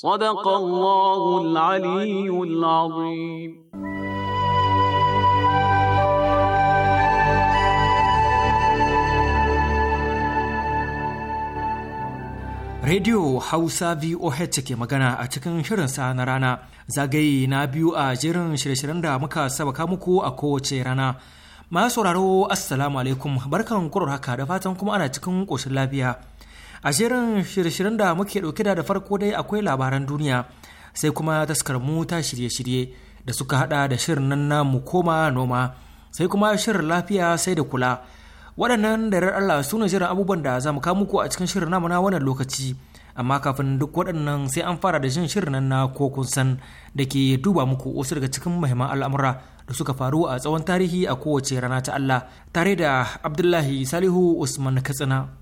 صدق الله العلي العظيم Radio Hausa VOH ke magana a cikin shirinsa na rana zagaye na biyu a jerin shirye-shiryen da muka sabaka muku a kowace rana. Masu sauraro Assalamu alaikum barkan kurar haka da fatan kuma ana cikin ƙoshin lafiya. a shirin shirye-shiryen da muke ɗauke da da farko dai akwai labaran duniya sai kuma taskar mu ta shirye-shirye da suka hada da shirin nan na mu koma noma sai kuma shirin lafiya sai da kula waɗannan da Allah su ne shirin abubuwan da za mu kawo muku a cikin shirin namu na wannan lokaci amma kafin duk waɗannan sai an fara da jin shirin nan na ko kun san da ke duba muku wasu daga cikin muhimman al'amura da suka faru a tsawon tarihi a kowace rana ta Allah tare da Abdullahi Salihu Usman Katsina.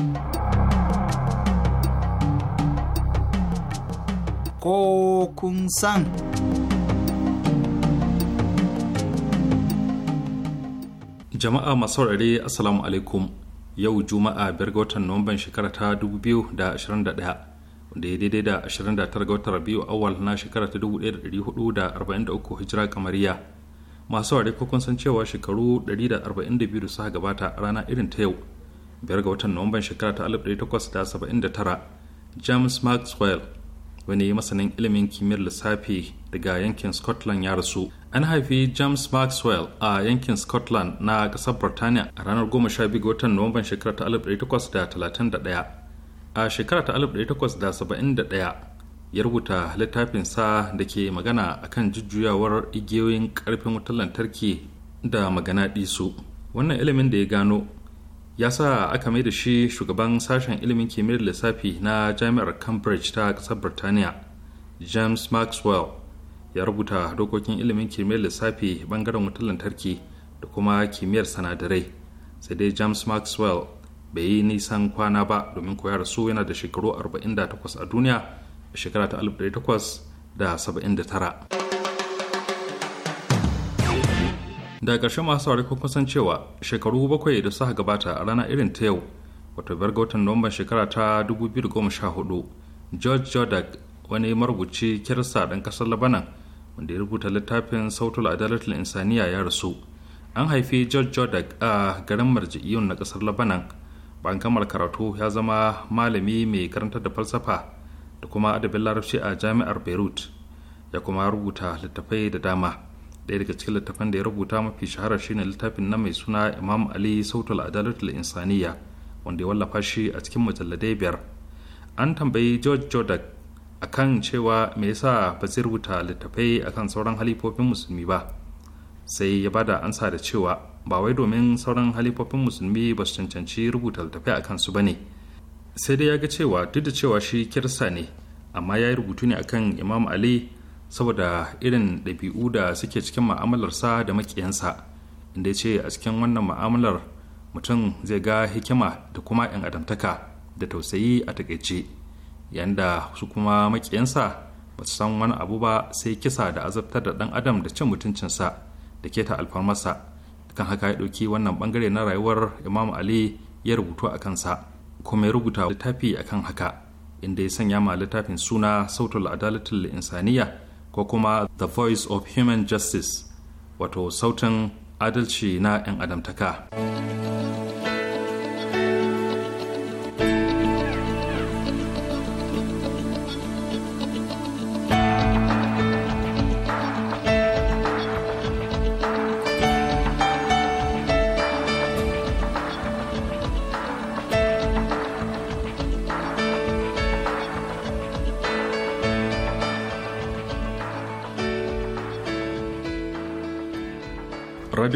Ko kun san. Jama'a masu saurare Assalamu alaikum yau Juma'a biyar ga watan Nuwamban shekara ta 2021 wanda ya daidai da 29 ga watan Rabiu awal na shekara ta 1443 hijira kamariya. Masu ware kun san cewa shekaru 142 da suka gabata a rana irin ta yau biyar ga watan nuwamban shekara ta tara james maxwell wani masanin ilimin kimiyyar lissafi daga yankin scotland ya rasu an haifi james maxwell a yankin scotland na kasar birtaniya a ranar 12 ga watan nuwamban shekara ta 1831 a shekara ta 1871 ya rubuta littafinsa da ke magana akan jujjuyawar igiyoyin karfin wutar lantarki da magana su wannan ilimin da ya gano ya sa aka mai da shi shugaban sashen ilimin kimiyyar lissafi na jami'ar cambridge ta ƙasar birtaniya james maxwell ya rubuta dokokin ilimin kimiyyar lissafi bangaren wutar lantarki da kuma kimiyyar sanadarai sai dai james maxwell bai yi nisan kwana ba domin koya su yana da shekaru 48 a duniya a shekara ta 1879 da ƙarshe masu saurari kun kusan cewa shekaru bakwai da suka gabata a ranar irin ta yau wato biyar ga watan nuwamban shekara ta hudu george jordan wani marubuci kirista ɗan ƙasar labanan wanda ya rubuta littafin sautul adalatul insaniya ya rasu an haifi george jordan a garin marji'iyun na ƙasar labanan bayan kammala karatu ya zama malami mai karantar da falsafa da kuma adabin larabci a jami'ar beirut ya kuma rubuta littafai da dama ɗaya daga cikin littafan da ya rubuta mafi shahara shine littafin na mai suna imam ali sautul adalatul insaniya wanda ya wallafa shi a cikin mujalladai biyar an tambayi george jordan akan cewa me yasa ba zai rubuta littafai akan sauran halifofin musulmi ba sai ya bada ansa da cewa ba wai domin sauran halifofin musulmi ba su cancanci rubuta littafai akan su ba ne sai dai ya ga cewa duk da cewa shi kirsa ne amma ya yi rubutu ne akan imam ali saboda irin ɗabi'u da suke cikin ma'amalarsa da maƙiyansa inda ya ce a cikin wannan ma'amalar mutum zai ga hikima da kuma 'yan adamtaka da tausayi a takaice yayin da su kuma maƙiyansa ba su san wani abu ba sai kisa da azabtar da ɗan adam da cin mutuncinsa da keta alfarmarsa kan haka ya ɗauki wannan bangare na rayuwar imam ali ya rubutu a kansa kuma ya rubuta littafi akan haka inda ya sanya ma littafin suna sautul adalatul insaniya ko kuma the voice of human justice wato sautin adalci na 'yan adamtaka.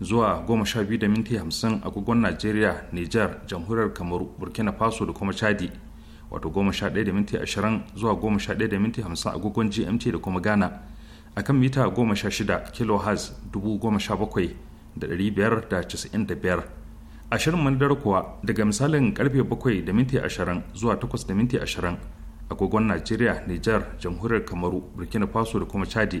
zuwa goma sha biyu da minti agogon najeriya niger jamhuriyar kamaru burkina faso da kuma chadi wato goma sha ɗaya da zuwa goma sha ɗaya agogon gmt da kuma ghana a kan mita goma sha shida kilohertz dubu goma sha bakwai da ɗari biyar da da biyar ashirin manadar kuwa daga misalin karfe bakwai da minti ashirin zuwa takwas da minti ashirin agogon najeriya niger jamhuriyar kamaru burkina faso da kuma chadi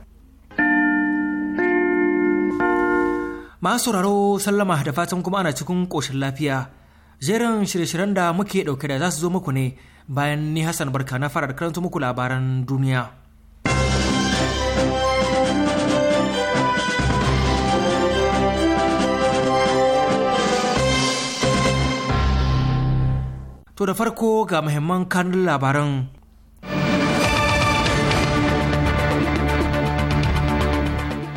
masu sauraro sallama da fatan kuma ana cikin koshin lafiya jerin shirye-shiryen da muke ɗauke da za su zo muku ne bayan ni hassan barka na fara karanta muku labaran duniya to da farko ga muhimman kanun labaran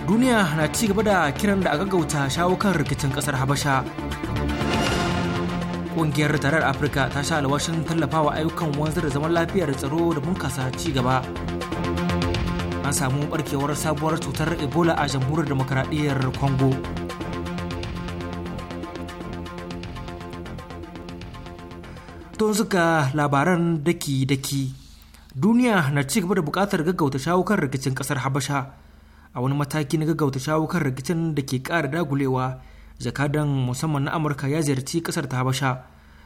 duniya na ci gaba da kiran da a gaggauta shawo kan rikicin kasar habasha ƙungiyar tarar afirka ta sha alwashin tallafawa ayyukan wanzar da zaman lafiyar tsaro da bunkasa ci gaba an samu barkewar sabuwar cutar ebola a jamhuriyar demokaradiyyar congo don suka labaran daki-daki duniya na ci gaba da bukatar gaggauta shawo kan rikicin kasar habasha a wani mataki na gaggauta shawo rikicin da ke kara dagulewa jakadan musamman na amurka ya ziyarci ƙasar ta habasha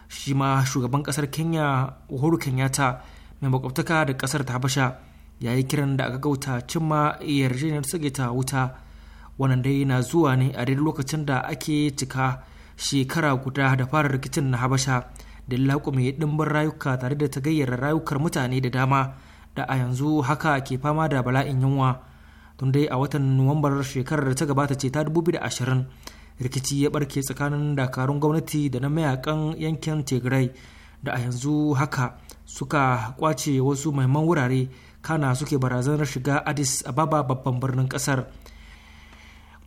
shi ma shugaban ƙasar kenya uhuru kenyatta mai makwabtaka da ƙasar ta habasha ya yi kiran da aka gauta cimma yarjejeniyar ta wuta wannan dai na zuwa ne a daidai lokacin da ake cika shekara guda da fara rikicin na habasha da laƙume ɗimbin rayuka tare da ta gayyana rayukar mutane da dama da a yanzu haka ke fama da bala'in yunwa tun dai a watan nuwambar shekarar da ta gabata ce ta 2020 rikici ya barke tsakanin dakarun gwamnati da na mayakan yankin tigray da a yanzu haka suka kwace wasu mahimman wurare kana suke barazanar shiga addis ababa babban birnin kasar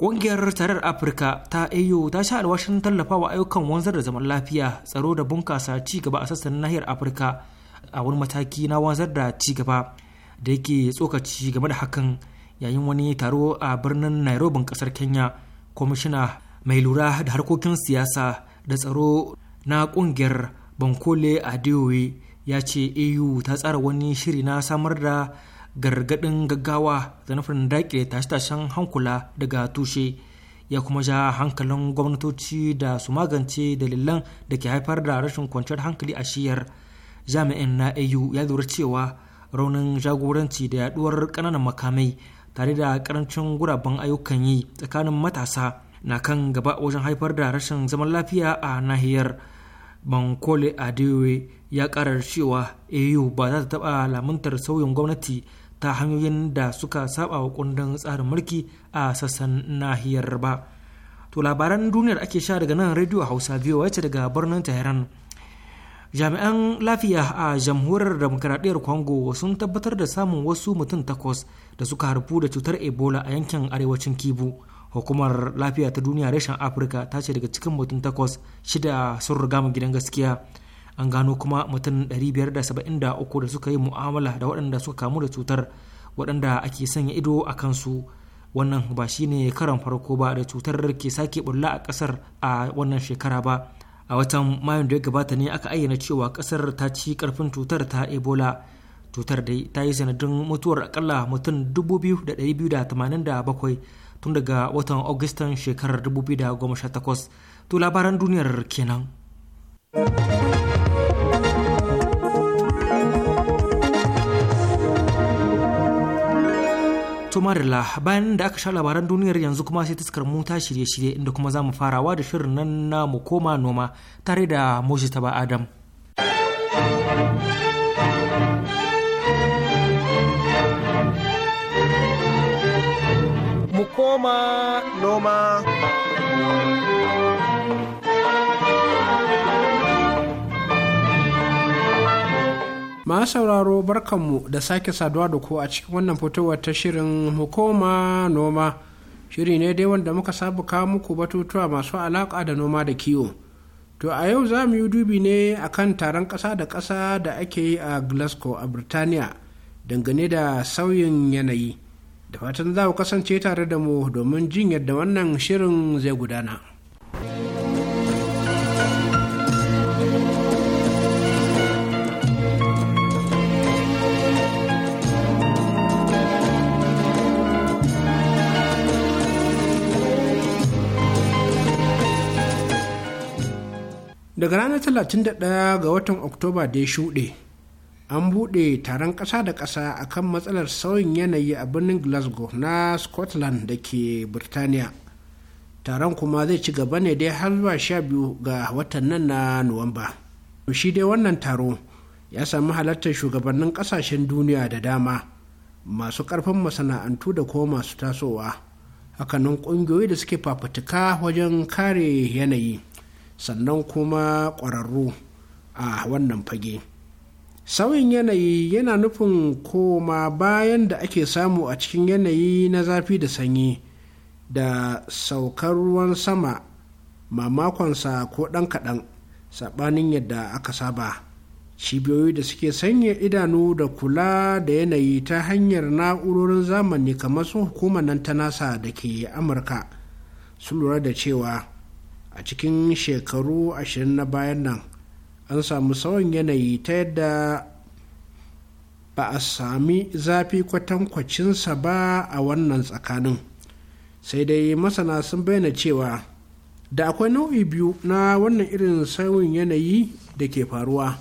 ƙungiyar tarar afirka ta au ta sha alwashin tallafawa ayyukan wanzar da zaman lafiya tsaro da bunkasa ci gaba a sassan nahiyar afirka a wani mataki na wanzar da ci gaba da yake tsokaci game da hakan yayin wani taro a birnin nairobi kasar kenya kwamishina mai lura da harkokin siyasa da tsaro na kungiyar bankole a adeoye ya ce au ta tsara wani shiri na samar da gargadin gaggawa da nufin daƙile tashe-tashen hankula daga tushe ya kuma ja hankalin gwamnatoci da su magance dalilan da ke haifar da rashin kwanciyar hankali a shiyar jami'in na au ya lura cewa raunin jagoranci da yaduwar ƙananan makamai tare da karancin guraben ayyukan yi tsakanin matasa na kan gaba wajen haifar da rashin zaman lafiya a nahiyar bankole adewe ya karar cewa au ba za ta taba lamuntar sauyin gwamnati ta hanyoyin da suka saba wa kundin tsarin mulki a sassan nahiyar ba to labaran duniyar ake sha daga nan radio hausa biyu wacce daga birnin tehran jami'an lafiya a jamhuriyar demokaradiyyar congo sun tabbatar da samun wasu mutum takwas da suka harfu da cutar ebola a yankin arewacin kibu hukumar lafiya ta duniya reshen afirka ta ce daga cikin mutum takwas shida sun riga mu gidan gaskiya an gano kuma mutum 573 da suka yi mu'amala da waɗanda suka kamu da cutar waɗanda ake sanya ido a kansu wannan ba shine karan farko ba da cutar ke sake bulla a ƙasar a wannan shekara ba a watan mayun da ya gabata ne aka ayyana cewa kasar ta ci karfin cutar ta ebola cutar dai ta yi sanadin mutuwar akalla mutum 2,287 tun daga watan augustan shekarar 2018 to labaran duniyar kenan. To marilla bayan da aka sha labaran duniyar yanzu kuma sai taskar mu ta shirye-shirye inda kuma za mu farawa da shirin nan na mu koma noma tare da Mojita ba Adam. Mu koma noma. ma sauraro barkanmu da sake saduwa da ku a cikin wannan fitowar ta shirin hukuma noma shiri ne dai wanda muka sabu kawo muku batutuwa masu alaƙa da noma da kiwo to a yau za mu yi dubi ne akan taron ƙasa da ƙasa da ake yi a glasgow a birtaniya dangane da sauyin yanayi da fatan za ku kasance tare da mu domin jin yadda wannan shirin zai gudana. daga ranar 31 ga watan oktoba da ya shuɗe an buɗe taron ƙasa da ƙasa a kan matsalar sauyin yanayi a birnin glasgow na scotland da ke birtaniya taron kuma zai ci gaba ne dai har zuwa sha biyu ga watan nan na nuwamba shi dai wannan taro ya sami halartar shugabannin ƙasashen duniya da dama masu ƙarfin masana'antu da kuma masu tasowa hakanan ƙungiyoyi da suke fafutuka wajen kare yanayi sannan kuma ƙwararru a wannan fage sauyin yanayi yana nufin koma bayan da ake samu a cikin yanayi na zafi da sanyi da saukar ruwan sama mamakonsa ko ɗan kaɗan saɓanin yadda aka saba cibiyoyi da suke sanya idanu da kula da yanayi ta hanyar na'urorin zamani kamar su hukumar nan ta nasa da ke amurka sun lura da cewa a cikin shekaru ashirin na bayan nan an samu sauyin yanayi ta yadda ba a sami zafi kwatankwacinsa ba a wannan tsakanin sai dai masana sun bayyana cewa da akwai nau'i biyu na wannan irin sauyin yanayi da ke faruwa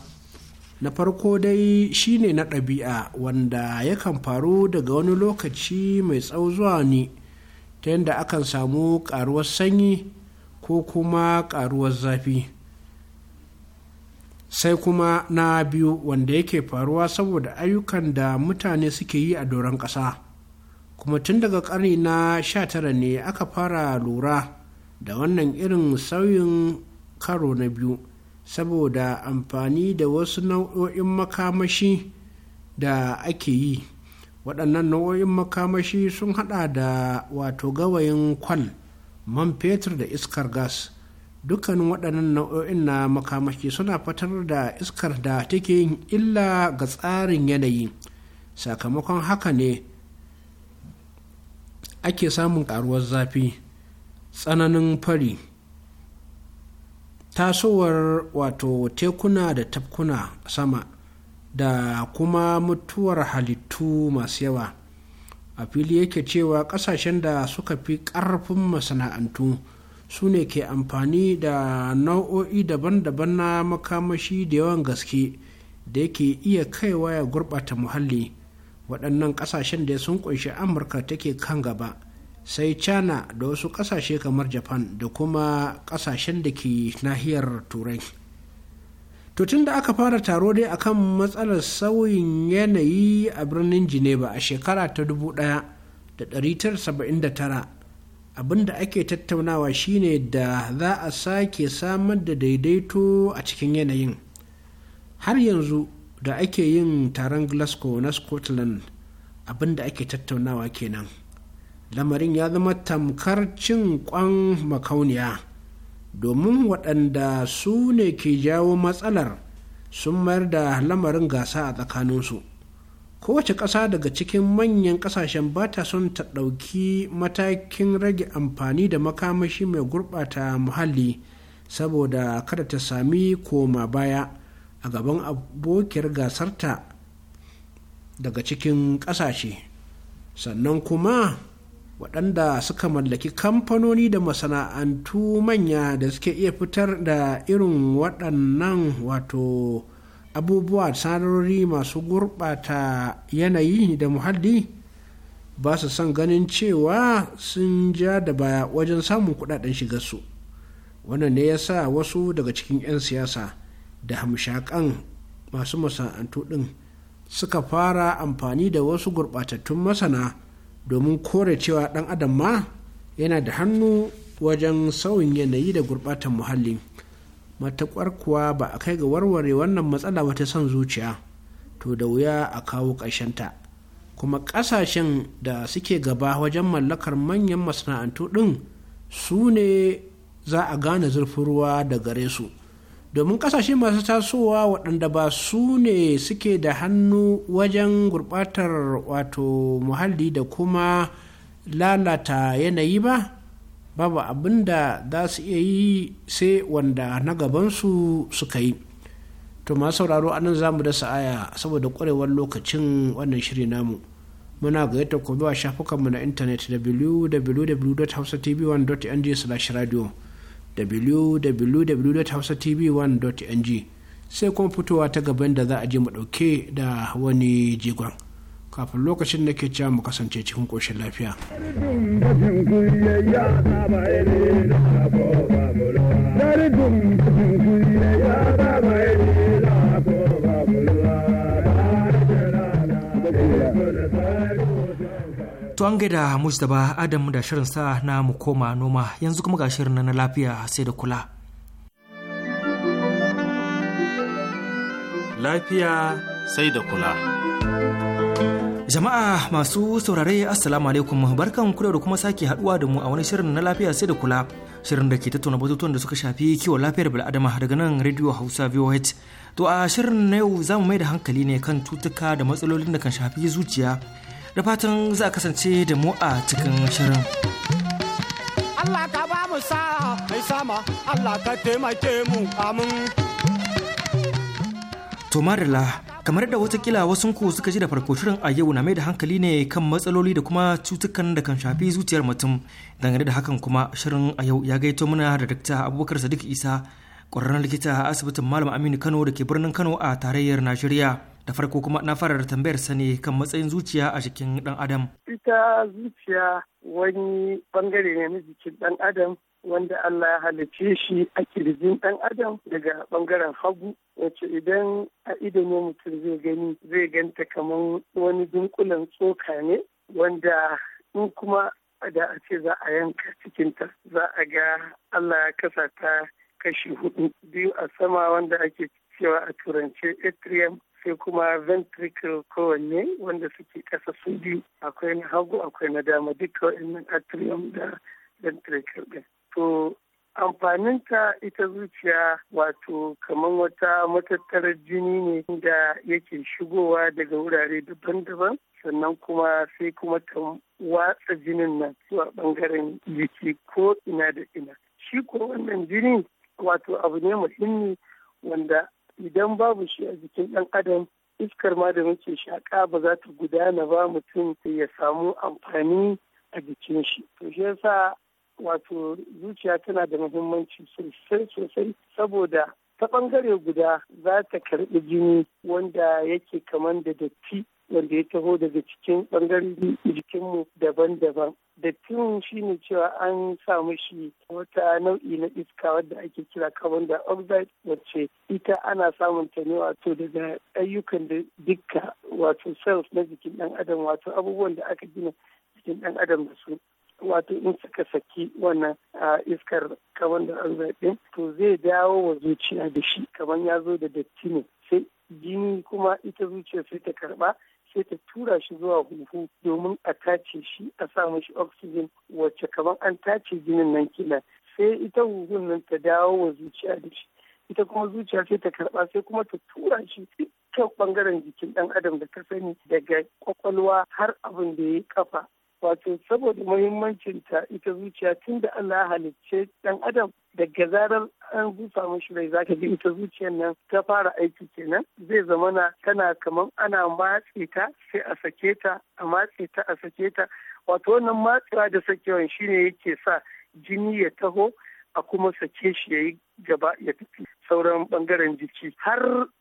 na farko dai shine na ɗabi'a wanda yakan faru daga wani lokaci mai tsawo zuwa ni ta yadda akan samu ƙaruwar sanyi ko kuma ƙaruwar zafi sai kuma na biyu wanda yake faruwa saboda ayyukan da mutane suke yi a doron ƙasa kuma tun daga ƙarni na sha tara ne aka fara lura da wannan irin sauyin karo na biyu saboda amfani da wasu nau'o'in makamashi da ake yi waɗannan nau'o'in makamashi sun hada da wato gawayin kwal man fetur da iskar gas dukkanin waɗannan nau'o'in na makamashi suna fitar da iskar da take yin illa ga tsarin yanayi sakamakon haka ne ake samun ƙaruwar zafi tsananin fari tasowar wato tekuna da tafkuna sama da kuma mutuwar halittu masu yawa a fili yake cewa kasashen da suka fi ƙarfin masana'antu su ne ke amfani da nau'o'i daban-daban na makamashi da yawan gaske da yake iya kaiwa ya gurɓata muhalli waɗannan ƙasashen da sun kunshi amurka take kan gaba sai china da wasu ƙasashe kamar japan da kuma ƙasashen da ke nahiyar turai To tun da aka fara taro dai akan matsalar sauyin yanayi a birnin Geneva a shekara ta 1979 abinda ake tattaunawa shine da za a sake samar da daidaito a cikin yanayin. Har yanzu da ake yin taron Glasgow na Scotland abinda ake tattaunawa kenan. Lamarin ya zama tamkar cin kwan makauniya. domin waɗanda su ne ke jawo matsalar sun mayar da lamarin gasa a tsakaninsu kowace ƙasa daga cikin manyan ƙasashen ba ta son ta ɗauki matakin rage amfani da makamashi mai gurɓata muhalli saboda kada ta sami koma baya a gaban abokiyar gasarta daga cikin ƙasashe sannan kuma waɗanda suka mallaki kamfanoni da masana'antu manya da suke iya fitar da irin waɗannan wato abubuwa sanarori masu gurɓata yanayi da muhalli ba su son ganin cewa sun ja da baya wajen samun kuɗaɗen shigarsu wannan ne ya sa wasu daga cikin 'yan siyasa da hamshakan masu masana'antu ɗin suka fara amfani da wasu gurɓatattun masana domin kore cewa ɗan adam ma yana da hannu wajen sauyin yanayi da gurɓatan muhalli matakwar kuwa ba a kai ga warware wannan matsala wata son zuciya to da wuya a kawo ta kuma ƙasashen da suke gaba wajen mallakar manyan masana'antu ɗin su ne za a gane zurfin ruwa da gare su domin kasashe masu tasowa waɗanda ba su ne suke da hannu wajen gurɓatar wato muhalli da kuma lalata yanayi ba babu abin da za su iya yi sai wanda na gabansu suka yi to masu sauraro anan za mu dasa aya saboda ƙwarewar lokacin wannan shiri namu muna gayyata ku zuwa shafukanmu na intanet www.hausatv1.ng/radio www.hausatv1.ng sai kuma fitowa ta gaban da za a je mu dauke da wani jigon kafin lokacin da ke cewa mu kasance cikin ƙoshin lafiya. Dari To an gaida Mustapha Adam da shirin sa na mu koma noma yanzu kuma ga shirin na lafiya sai da kula. Lafiya sai da kula. Jama'a masu saurare Assalamu alaikum barkan ku da kuma sake haduwa da mu a wani shirin na lafiya sai da kula shirin da ke tattauna batutuwan da suka shafi kiwon lafiyar bil'adama daga nan Radio Hausa VOH. To a shirin na yau za mu mai da hankali ne kan cutuka da matsalolin da kan shafi zuciya da fatan za a kasance da mu a cikin shirin. Allah ka ba mu sa'a mai sama Allah ka taimake mu amin. To marila kamar da watakila wasu ku suka ji da farko shirin a yau na mai da hankali ne kan matsaloli da kuma cutukan da kan shafi zuciyar mutum dangane da hakan kuma shirin a yau ya gaito mana da Dr. abubakar sadiq isa ƙwararren likita a asibitin malam aminu kano da ke birnin kano a tarayyar najeriya da farko kuma na fara da tambayar sani kan matsayin zuciya a jikin dan adam ita zuciya wani bangare ne na jikin dan adam wanda Allah ya halicce shi a kirjin ɗan adam daga ɓangaren hagu wacce idan a ido mutum zai gani zai ganta kamar wani dunkulen tsoka ne wanda in kuma da a ce za a yanka cikinta za a ga Allah ya kasa ta kashi hudu biyu a sama wanda ake cewa a turance atrium sai kuma ventricle kowanne wanda suke ƙasa su biyu akwai na hagu akwai na dama duka wa'annan atrium da ventricle ɗin. To amfaninta ita zuciya wato kamar wata matattarar jini ne da yake shigowa daga wurare daban-daban sannan kuma sai kuma ta watsa jinin nan zuwa bangaren jiki ko ina da ina shi ko wannan jini wato abu ne muhimmi wanda idan babu shi a jikin ɗan adam iskar ma da muke shaƙa ba za ta gudana ba mutum ya samu amfani a jikin shi to shi yasa wato zuciya tana da muhimmanci sosai sosai saboda ta ɓangare guda za ta karɓi jini wanda yake kaman da datti wanda ya taho daga cikin ɓangaren jikinmu daban-daban da tun shi ne cewa an samu shi wata nau'i na iska wadda ake kira carbon dioxide wacce ita ana samun ta ne wato daga ayyukan da dukka wato cells na jikin ɗan adam wato abubuwan da aka gina jikin ɗan adam da su wato in suka saki wannan iskar carbon dioxide ɗin to zai dawo wa zuciya da shi kamar ya zo da datti ne sai jini kuma ita zuciya sai ta karba sai ta tura shi zuwa huhu domin a tace shi a sa mashi oxygen wacce kamar an tace jinin nan kila sai ita huhun nan ta dawo wa zuciya da shi ita kuma zuciya sai ta karba sai kuma ta tura shi dukkan ɓangaren jikin ɗan adam da ta sani daga kwakwalwa har abin da ya yi kafa wato saboda muhimmancin ta ita zuciya tun da Allah ya halicce dan adam daga zarar an busa mishi rai zaka ji ita zuciyar nan ta fara aiki kenan zai zama na tana kamar ana matse ta sai a sake ta a matse ta a sake ta wato wannan matsewa da sakewan shine yake sa jini ya taho a kuma sake shi yayi yi gaba ya tafi sauran bangaren jiki har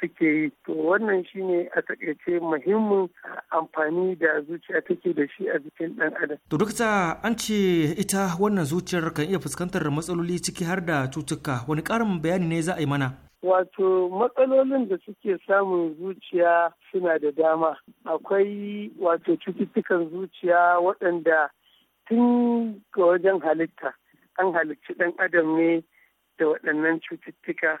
suke yi to wannan shine a takaice muhimmin amfani da zuciya take da shi a jikin ɗan adam to duk an ce ita wannan zuciyar kan iya fuskantar matsaloli ciki har da cutuka wani karin bayani ne za a yi mana Wato matsalolin da suke samun zuciya suna da dama. Akwai wato cututtukan zuciya waɗanda tun ga wajen halitta an halicci ɗan adam ne da waɗannan cututtuka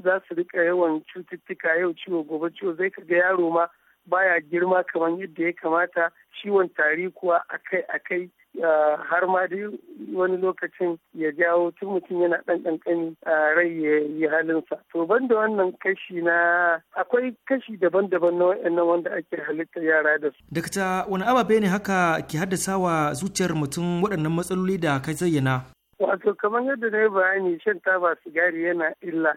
za su rika yawan cututtuka yau ciwo gobe ciwo zai ka ga yaro ma baya girma kamar yadda ya kamata ciwon tari kuwa akai akai har ma dai wani lokacin ya jawo tun mutum yana ɗan ƙanƙani a rai ya yi halinsa. To ban wannan kashi na akwai kashi daban-daban na wa'annan wanda ake halittar yara da su. Dakta wani ababe ne haka ki haddasa wa zuciyar mutum waɗannan matsaloli da ka zayyana? Wato kamar yadda na yi bayani shan taba sigari yana illa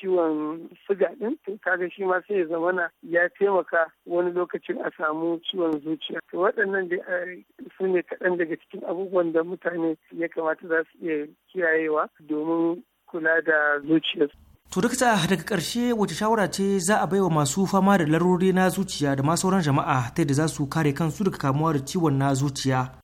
ciwon suga din to kaga shi ma sai ya zamana ya taimaka wani lokacin a samu ciwon zuciya to waɗannan da eh, su ne kaɗan daga cikin abubuwan da mutane ya kamata za su iya kiyayewa domin kula da zuciyarsu. To daga ƙarshe wace shawara ce za a baiwa masu fama da larurori na zuciya da ma sauran jama'a ta yadda za su kare kansu daga kamuwa da ciwon na zuciya.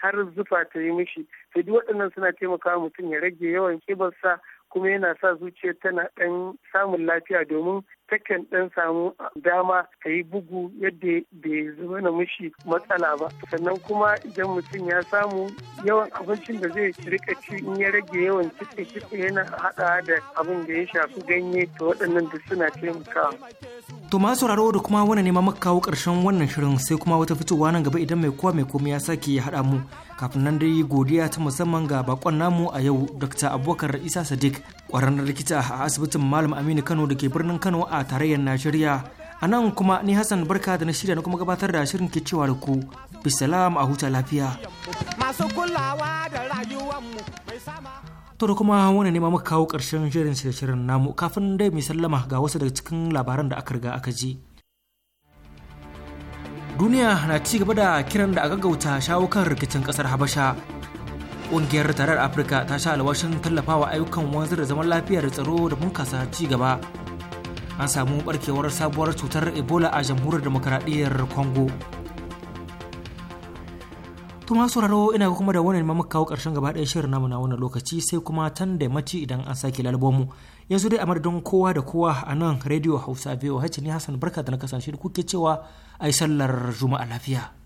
har zufa ta yi mishi to duk waɗannan suna taimakawa mutum ya rage yawan kibarsa kuma yana sa zuciya tana ɗan samun lafiya domin takan ɗan samu dama ka yi bugu yadda bai zama na mushi matsala ba sannan kuma idan mutum ya samu yawan abincin da zai rika ci in ya rage yawan kitse kitse yana haɗa da abin da ya shafi ganye to waɗannan duk suna taimakawa. To masu sauraro da kuma wani neman maka kawo ƙarshen wannan shirin sai kuma wata fitowa nan gaba idan mai kowa mai komai ya sake ya haɗa mu kafin nan dai godiya ta musamman ga bakon namu a yau Dr. Abubakar Isa Sadiq ƙwararren likita a asibitin Malam Aminu Kano da ke birnin Kano a a tarayyar Najeriya. A nan kuma ni Hassan Barka da na shirya na kuma gabatar da shirin ke cewa da ku. Bisalam a huta lafiya. Masu kuma wani nema muka kawo ƙarshen shirin shirin namu kafin dai mai sallama ga wasu daga cikin labaran da aka riga aka ji. Duniya na ci gaba da kiran da a gaggauta shawo kan rikicin ƙasar Habasha. Ƙungiyar tarar Afirka ta sha alwashin tallafawa ayyukan wanzar da zaman lafiya da tsaro da bunkasa ci gaba an samu barkewar sabuwar cutar ebola a jamhuriyar demokaradiyyar congo tuma sauraro ina kuma da wani mamu kawo karshen gaba ɗaya shirin namu na wannan lokaci sai kuma tan da mace idan an sake lalbomu yanzu dai a madadin kowa da kowa a nan radio hausa voh ne hassan barka da na kasance da kuke cewa yi sallar juma'a lafiya